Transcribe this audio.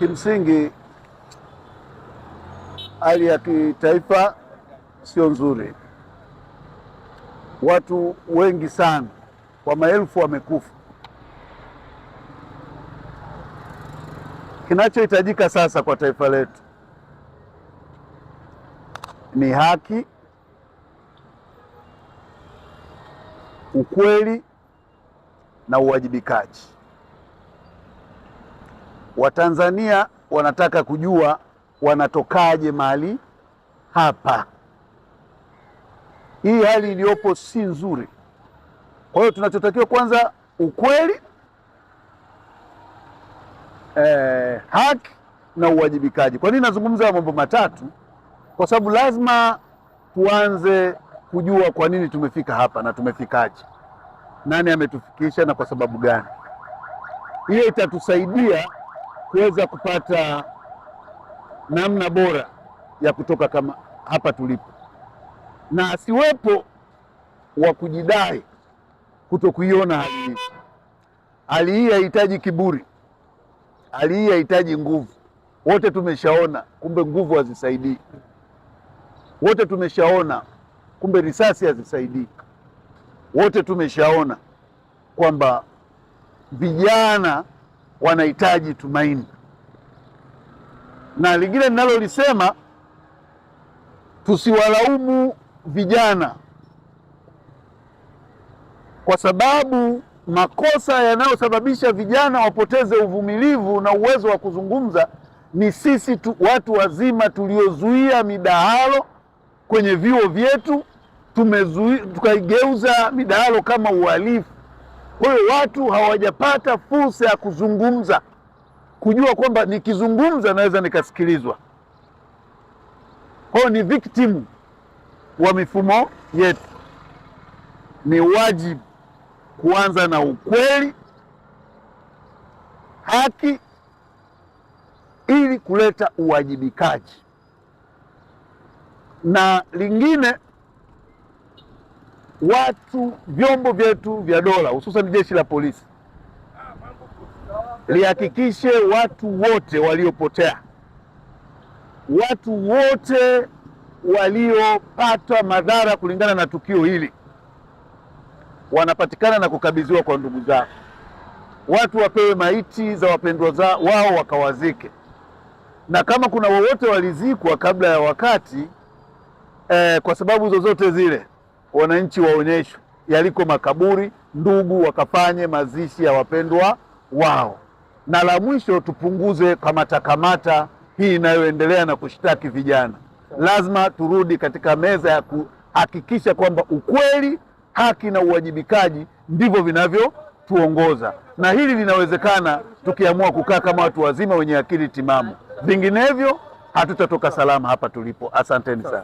kimsingi hali ya kitaifa sio nzuri. Watu wengi sana kwa maelfu wamekufa. Kinachohitajika sasa kwa taifa letu ni haki, ukweli na uwajibikaji. Watanzania wanataka kujua wanatokaje mahali hapa. Hii hali iliyopo si nzuri. Kwa hiyo tunachotakiwa kwanza, ukweli eh, haki na uwajibikaji. Kwa nini nazungumza mambo matatu? Kwa sababu lazima tuanze kujua kwa nini tumefika hapa na tumefikaje, nani ametufikisha na kwa sababu gani. Hiyo itatusaidia kuweza kupata namna bora ya kutoka kama hapa tulipo, na asiwepo wa kujidai kuto kuiona hali hii. Hali hii haihitaji kiburi, hali hii haihitaji nguvu. Wote tumeshaona kumbe nguvu hazisaidii, wote tumeshaona kumbe risasi hazisaidii, wote tumeshaona kwamba vijana wanahitaji tumaini. Na lingine ninalolisema, tusiwalaumu vijana kwa sababu makosa yanayosababisha vijana wapoteze uvumilivu na uwezo wa kuzungumza ni sisi tu, watu wazima tuliozuia midahalo kwenye vyuo vyetu, tumezuia tukaigeuza midahalo kama uhalifu. Kwa hiyo watu hawajapata fursa ya kuzungumza, kujua kwamba nikizungumza naweza nikasikilizwa. Kwa hiyo ni viktimu wa mifumo yetu. Ni wajibu kuanza na ukweli, haki, ili kuleta uwajibikaji na lingine watu vyombo vyetu vya dola hususan jeshi la polisi lihakikishe watu wote waliopotea, watu wote waliopata madhara kulingana na tukio hili wanapatikana na kukabidhiwa kwa ndugu zao. Watu wapewe maiti za wapendwa zao wao wakawazike, na kama kuna wowote walizikwa kabla ya wakati eh, kwa sababu zozote zile wananchi waonyeshwe yaliko makaburi, ndugu wakafanye mazishi ya wapendwa wao. Na la mwisho, tupunguze kamata kamata hii inayoendelea na kushtaki vijana. Lazima turudi katika meza ya kuhakikisha kwamba ukweli, haki na uwajibikaji ndivyo vinavyotuongoza, na hili linawezekana tukiamua kukaa kama watu wazima wenye akili timamu. Vinginevyo hatutatoka salama hapa tulipo. Asanteni sana.